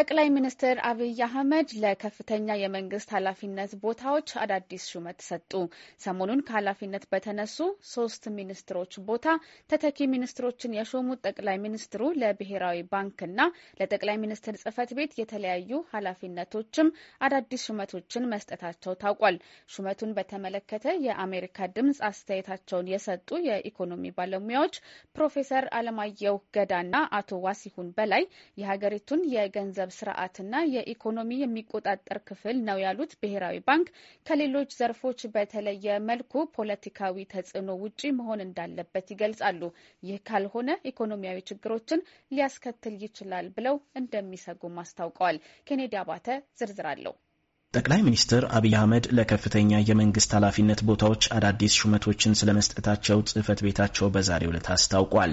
ጠቅላይ ሚኒስትር አብይ አህመድ ለከፍተኛ የመንግስት ኃላፊነት ቦታዎች አዳዲስ ሹመት ሰጡ። ሰሞኑን ከኃላፊነት በተነሱ ሶስት ሚኒስትሮች ቦታ ተተኪ ሚኒስትሮችን የሾሙት ጠቅላይ ሚኒስትሩ ለብሔራዊ ባንክና ለጠቅላይ ሚኒስትር ጽህፈት ቤት የተለያዩ ኃላፊነቶችም አዳዲስ ሹመቶችን መስጠታቸው ታውቋል። ሹመቱን በተመለከተ የአሜሪካ ድምጽ አስተያየታቸውን የሰጡ የኢኮኖሚ ባለሙያዎች ፕሮፌሰር አለማየሁ ገዳና አቶ ዋሲሁን በላይ የሀገሪቱን የገንዘብ የገንዘብ ስርዓትና የኢኮኖሚ የሚቆጣጠር ክፍል ነው ያሉት ብሔራዊ ባንክ ከሌሎች ዘርፎች በተለየ መልኩ ፖለቲካዊ ተጽዕኖ ውጪ መሆን እንዳለበት ይገልጻሉ። ይህ ካልሆነ ኢኮኖሚያዊ ችግሮችን ሊያስከትል ይችላል ብለው እንደሚሰጉም አስታውቀዋል። ኬኔዲ አባተ ዝርዝር አለው። ጠቅላይ ሚኒስትር አብይ አህመድ ለከፍተኛ የመንግስት ኃላፊነት ቦታዎች አዳዲስ ሹመቶችን ስለመስጠታቸው ጽህፈት ቤታቸው በዛሬው ዕለት አስታውቋል።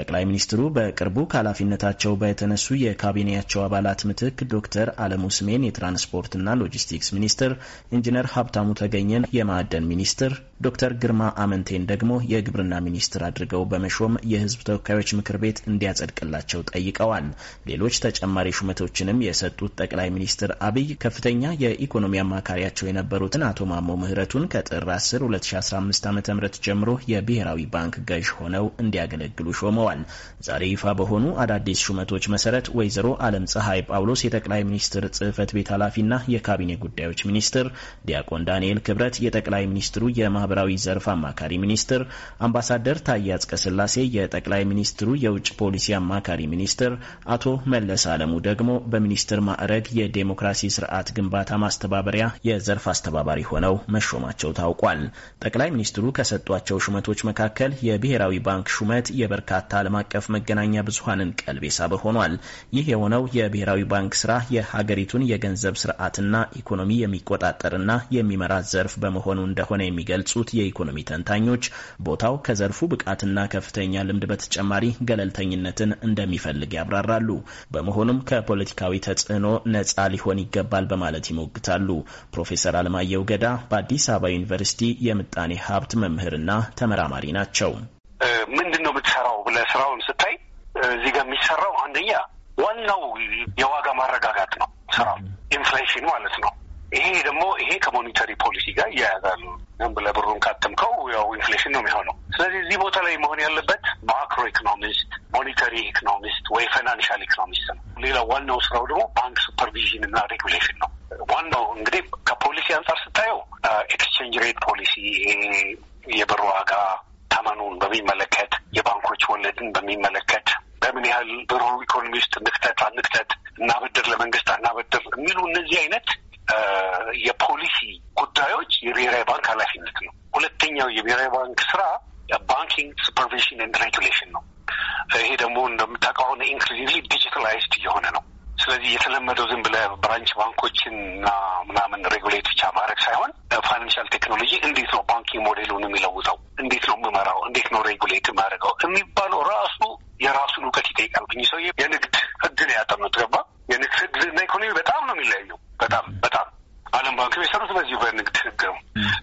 ጠቅላይ ሚኒስትሩ በቅርቡ ከኃላፊነታቸው በተነሱ የካቢኔያቸው አባላት ምትክ ዶክተር አለሙ ስሜን የትራንስፖርትና ሎጂስቲክስ ሚኒስትር፣ ኢንጂነር ሀብታሙ ተገኘን የማዕደን ሚኒስትር፣ ዶክተር ግርማ አመንቴን ደግሞ የግብርና ሚኒስትር አድርገው በመሾም የህዝብ ተወካዮች ምክር ቤት እንዲያጸድቅላቸው ጠይቀዋል። ሌሎች ተጨማሪ ሹመቶችንም የሰጡት ጠቅላይ ሚኒስትር አብይ ከፍተኛ የኢኮኖሚ አማካሪያቸው የነበሩትን አቶ ማሞ ምህረቱን ከጥር 10 2015 ዓ ም ጀምሮ የብሔራዊ ባንክ ገዥ ሆነው እንዲያገለግሉ ሾመዋል። ተሾመዋል። ዛሬ ይፋ በሆኑ አዳዲስ ሹመቶች መሰረት ወይዘሮ አለም ፀሐይ ጳውሎስ የጠቅላይ ሚኒስትር ጽህፈት ቤት ኃላፊና የካቢኔ ጉዳዮች ሚኒስትር፣ ዲያቆን ዳንኤል ክብረት የጠቅላይ ሚኒስትሩ የማህበራዊ ዘርፍ አማካሪ ሚኒስትር፣ አምባሳደር ታዬ አጽቀሥላሴ የጠቅላይ ሚኒስትሩ የውጭ ፖሊሲ አማካሪ ሚኒስትር፣ አቶ መለስ አለሙ ደግሞ በሚኒስትር ማዕረግ የዴሞክራሲ ስርዓት ግንባታ ማስተባበሪያ የዘርፍ አስተባባሪ ሆነው መሾማቸው ታውቋል። ጠቅላይ ሚኒስትሩ ከሰጧቸው ሹመቶች መካከል የብሔራዊ ባንክ ሹመት የበርካታ በርካታ ዓለም አቀፍ መገናኛ ብዙሀንን ቀልብ የሳበ ሆኗል። ይህ የሆነው የብሔራዊ ባንክ ስራ የሀገሪቱን የገንዘብ ስርዓትና ኢኮኖሚ የሚቆጣጠርና የሚመራ ዘርፍ በመሆኑ እንደሆነ የሚገልጹት የኢኮኖሚ ተንታኞች ቦታው ከዘርፉ ብቃትና ከፍተኛ ልምድ በተጨማሪ ገለልተኝነትን እንደሚፈልግ ያብራራሉ። በመሆኑም ከፖለቲካዊ ተጽዕኖ ነጻ ሊሆን ይገባል በማለት ይሞግታሉ። ፕሮፌሰር አለማየሁ ገዳ በአዲስ አበባ ዩኒቨርሲቲ የምጣኔ ሀብት መምህርና ተመራማሪ ናቸው። ምንድን ነው የምትሰራው? ብለህ ስራውን ስታይ እዚህ ጋር የሚሰራው አንደኛ ዋናው የዋጋ ማረጋጋት ነው ስራው ኢንፍሌሽን ማለት ነው። ይሄ ደግሞ ይሄ ከሞኒተሪ ፖሊሲ ጋር እያያዛሉ ዝም ብለህ ብሩን ካተምከው ያው ኢንፍሌሽን ነው የሚሆነው። ስለዚህ እዚህ ቦታ ላይ መሆን ያለበት ማክሮ ኢኮኖሚስት፣ ሞኒተሪ ኢኮኖሚስት ወይ ፋይናንሻል ኢኮኖሚስት ነው። ሌላ ዋናው ስራው ደግሞ ባንክ ሱፐርቪዥን እና ሬጉሌሽን ነው። ዋናው እንግዲህ ከፖሊሲ አንጻር ስታየው ኤክስቼንጅ ሬት ፖሊሲ፣ ይሄ የብር ዋጋ ተመኑን በሚመለከት የባንኮች ወለድን በሚመለከት በምን ያህል ብሩ ኢኮኖሚ ውስጥ ንክተት አንክተት፣ እናበድር ለመንግስት አናበድር የሚሉ እነዚህ አይነት የፖሊሲ ጉዳዮች የብሔራዊ ባንክ ኃላፊነት ነው። ሁለተኛው የብሔራዊ ባንክ ስራ ባንኪንግ ሱፐርቪዥን ኤንድ ሬጉሌሽን ነው። ይሄ ደግሞ እንደምታውቀው አሁን ኢንክሉዚቭሊ ዲጂታላይዝድ እየሆነ ነው። ስለዚህ የተለመደው ዝም ብለህ ብራንች ባንኮችን እና ምናምን ሬጉሌት ብቻ ማድረግ ሳይሆን ፋይናንሻል ቴክኖሎጂ እንዴት ነው ባንኪንግ ሞዴል ነው ሬጉሌት ማድረገው የሚባለው ራሱ የራሱን እውቀት ይጠይቃል። ግኝ ሰው የንግድ ህግ ነው ያጠኑት ገባ የንግድ ህግ እና ኢኮኖሚ በጣም ነው የሚለያየው። በጣም በጣም ዓለም ባንክ የሰሩት በዚሁ በንግድ ህግ ነው።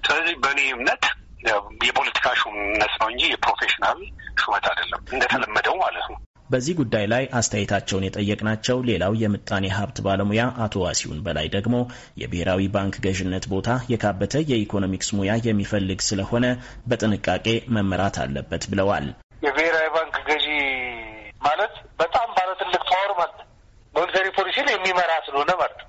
ስለዚህ በእኔ እምነት የፖለቲካ ሹምነት ነው እንጂ የፕሮፌሽናል ሹመት አይደለም እንደተለመደው ማለት ነው። በዚህ ጉዳይ ላይ አስተያየታቸውን የጠየቅናቸው ሌላው የምጣኔ ሀብት ባለሙያ አቶ ዋሲሁን በላይ ደግሞ የብሔራዊ ባንክ ገዥነት ቦታ የካበተ የኢኮኖሚክስ ሙያ የሚፈልግ ስለሆነ በጥንቃቄ መመራት አለበት ብለዋል። የብሔራዊ ባንክ ገዢ ማለት በጣም ባለትልቅ ፓወር ማለት ሞኒተሪ ፖሊሲን የሚመራ ስለሆነ ማለት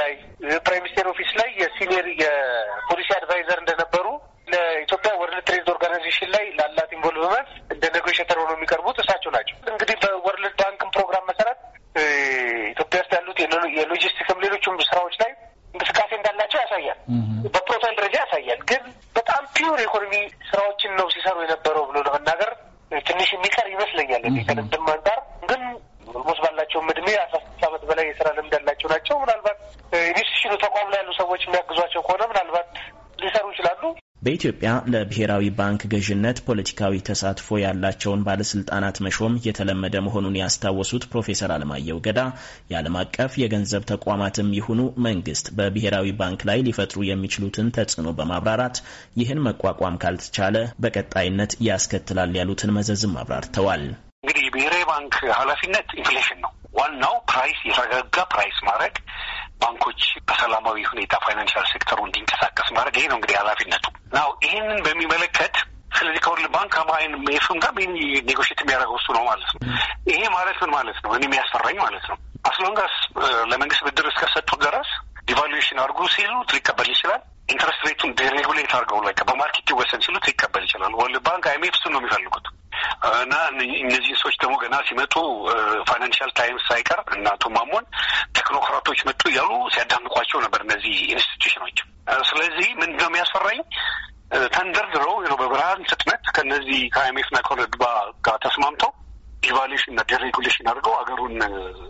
ላይ ፕራይም ሚኒስቴር ኦፊስ ላይ የሲኒየር የፖሊሲ አድቫይዘር እንደነበሩ ለኢትዮጵያ ወርልድ ትሬድ ኦርጋናይዜሽን ላይ ላላት ኢንቮልቭመንት እንደ ኔጎሽተር ሆኖ የሚቀርቡት እሳቸው ናቸው። እንግዲህ በወርልድ ባንክም ፕሮግራም መሰረት ኢትዮጵያ ውስጥ ያሉት የሎጂስቲክም ሌሎችም ስራዎች ላይ እንቅስቃሴ እንዳላቸው ያሳያል። በፕሮፋይል ደረጃ ያሳያል። ግን በጣም ፒውር ኢኮኖሚ ስራዎችን ነው ሲሰሩ የነበረው ብሎ ለመናገር ትንሽ የሚቀር ይመስለኛል። ከልምድም አንጻር ግን ሞስ ባላቸውም እድሜ አሳ ሰዎች የሚያግዟቸው ከሆነ ምናልባት ሊሰሩ ይችላሉ። በኢትዮጵያ ለብሔራዊ ባንክ ገዥነት ፖለቲካዊ ተሳትፎ ያላቸውን ባለስልጣናት መሾም የተለመደ መሆኑን ያስታወሱት ፕሮፌሰር አለማየሁ ገዳ የዓለም አቀፍ የገንዘብ ተቋማትም ይሁኑ መንግስት በብሔራዊ ባንክ ላይ ሊፈጥሩ የሚችሉትን ተጽዕኖ በማብራራት ይህን መቋቋም ካልተቻለ በቀጣይነት ያስከትላል ያሉትን መዘዝም አብራርተዋል። እንግዲህ የብሔራዊ ባንክ ኃላፊነት ኢንፍሌሽን ነው። ዋናው ፕራይስ የተረጋጋ ፕራይስ ማድረግ ባንኮች በሰላማዊ ሁኔታ ፋይናንሻል ሴክተሩ እንዲንቀሳቀስ ማድረግ ይሄ ነው እንግዲህ ኃላፊነቱ ናው ይህንን በሚመለከት ስለዚህ ከወርልድ ባንክ ከማይን ሜፍም ጋር ይህን ኔጎሽት የሚያደርገው እሱ ነው ማለት ነው። ይሄ ማለት ምን ማለት ነው? እኔ የሚያስፈራኝ ማለት ነው። አስሎንጋስ ለመንግስት ብድር እስከሰጡ ድረስ ዲቫሉዌሽን አድርጉ ሲሉት ሊቀበል ይችላል። ኢንትረስት ሬቱን ዲሬጉሌት አድርገው ላይ በማርኬት ይወሰን ሲሉት ሊቀበል ይችላል። ወርልድ ባንክ አይሜፍ እሱን ነው የሚፈልጉት። እና እነዚህ ሰዎች ደግሞ ገና ሲመጡ ፋይናንሻል ታይምስ ሳይቀር እና አቶ ማሞን ቴክኖክራቶች መጡ እያሉ ሲያዳምቋቸው ነበር እነዚህ ኢንስቲቱሽኖች። ስለዚህ ምንድን ነው የሚያስፈራኝ ተንደርድረው በብርሃን ፍጥነት ከነዚህ ና ከወለድባ ጋር ተስማምተው ዲቫሌሽን እና ዲሬጉሌሽን አድርገው ሀገሩን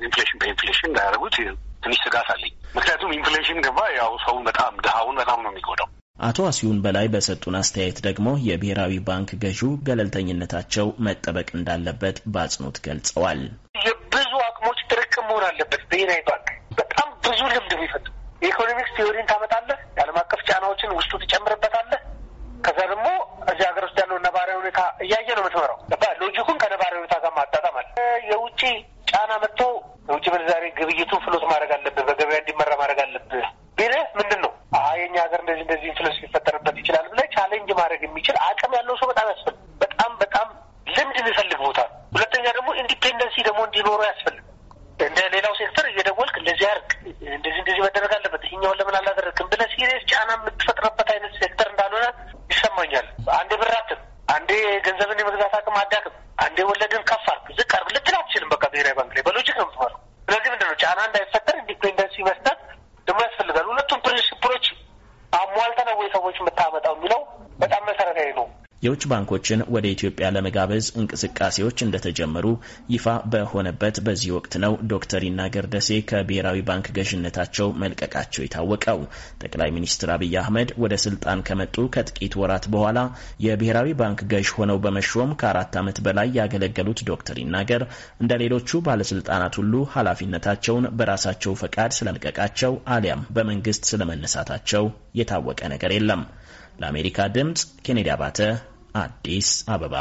ኢንፍሌሽን በኢንፍሌሽን እንዳያደርጉት ትንሽ ስጋት አለኝ። ምክንያቱም ኢንፍሌሽን ገባ ያው ሰውን በጣም ድሃውን በጣም ነው የሚጎዳው። አቶ አስዩን በላይ በሰጡን አስተያየት ደግሞ የብሔራዊ ባንክ ገዢው ገለልተኝነታቸው መጠበቅ እንዳለበት በአጽንኦት ገልጸዋል። የብዙ አቅሞች ጥርቅም መሆን አለበት። ብሔራዊ ባንክ በጣም ብዙ ልምድ ነው የኢኮኖሚክስ ቴዎሪን ታመጣለህ፣ የዓለም አቀፍ ጫናዎችን ውስጡ ትጨምርበታለህ። ከዛ ደግሞ እዚህ ሀገር ውስጥ ያለው ነባሪያ ሁኔታ እያየ ነው የምትመራው። ሎጂኩን ከነባሪያ ሁኔታ ጋር ማጣጣም አለ። የውጭ ጫና መጥቶ የውጭ ምንዛሬ ግብይቱን ፍሎት ማድረግ አለበት። አቅም ያለው ሰው በጣም ያስፈልግ በጣም በጣም ልምድ የሚፈልግ ቦታ ሁለተኛ ደግሞ ኢንዲፔንደንሲ ደግሞ እንዲኖረው ያስፈልግ እንደ ሌላው ሴክተር እየደወልክ እንደዚህ አርግ፣ እንደዚህ እንደዚህ መደረግ አለበት፣ ይኛውን ለምን አላደረግም ብለህ ሲሪየስ ጫና የምትፈጥረበት አይነት ሴክተር እንዳልሆነ ይሰማኛል። አንዴ ብራትም፣ አንዴ ገንዘብን የመግዛት አቅም አዳክም፣ አንዴ ወለድን ከፍ አርግ ዝቅ አርግ ልትል አትችልም። በቃ ብሔራዊ ባንክ ላይ በሎጂክ ነው የምትመራው። የውጭ ባንኮችን ወደ ኢትዮጵያ ለመጋበዝ እንቅስቃሴዎች እንደተጀመሩ ይፋ በሆነበት በዚህ ወቅት ነው ዶክተር ይናገር ደሴ ከብሔራዊ ባንክ ገዥነታቸው መልቀቃቸው የታወቀው። ጠቅላይ ሚኒስትር አብይ አህመድ ወደ ስልጣን ከመጡ ከጥቂት ወራት በኋላ የብሔራዊ ባንክ ገዥ ሆነው በመሾም ከአራት ዓመት በላይ ያገለገሉት ዶክተር ይናገር እንደ ሌሎቹ ባለስልጣናት ሁሉ ኃላፊነታቸውን በራሳቸው ፈቃድ ስለመልቀቃቸው አሊያም በመንግስት ስለመነሳታቸው የታወቀ ነገር የለም። ለአሜሪካ ድምፅ ኬኔዲ አባተ አዲስ አበባ